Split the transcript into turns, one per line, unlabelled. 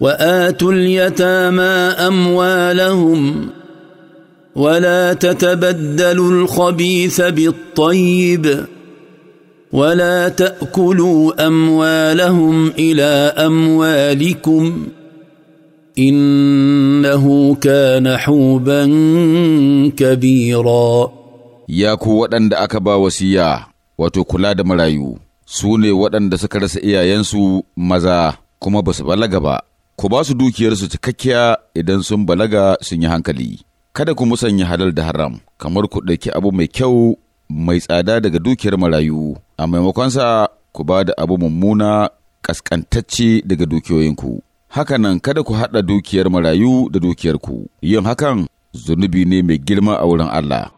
واتوا اليتامى اموالهم ولا تتبدلوا الخبيث بالطيب ولا تاكلوا اموالهم الى اموالكم انه كان حوبا
كبيرا يا ku waɗanda وسيا واتو wasiya wato kula da marayu su ينسو waɗanda suka rasa iyayensu ku ba su dukiyarsu cikakkiya idan sun balaga sun yi hankali. Kada ku musanya halal da haram, kamar ku ɗauki abu mai kyau mai tsada daga dukiyar marayu, a maimakonsa ku ba da abu mummuna ƙasƙantacce daga dukiyoyinku. Hakanan kada ku haɗa dukiyar marayu da dukiyarku, yin hakan zunubi ne mai girma
a wurin Allah.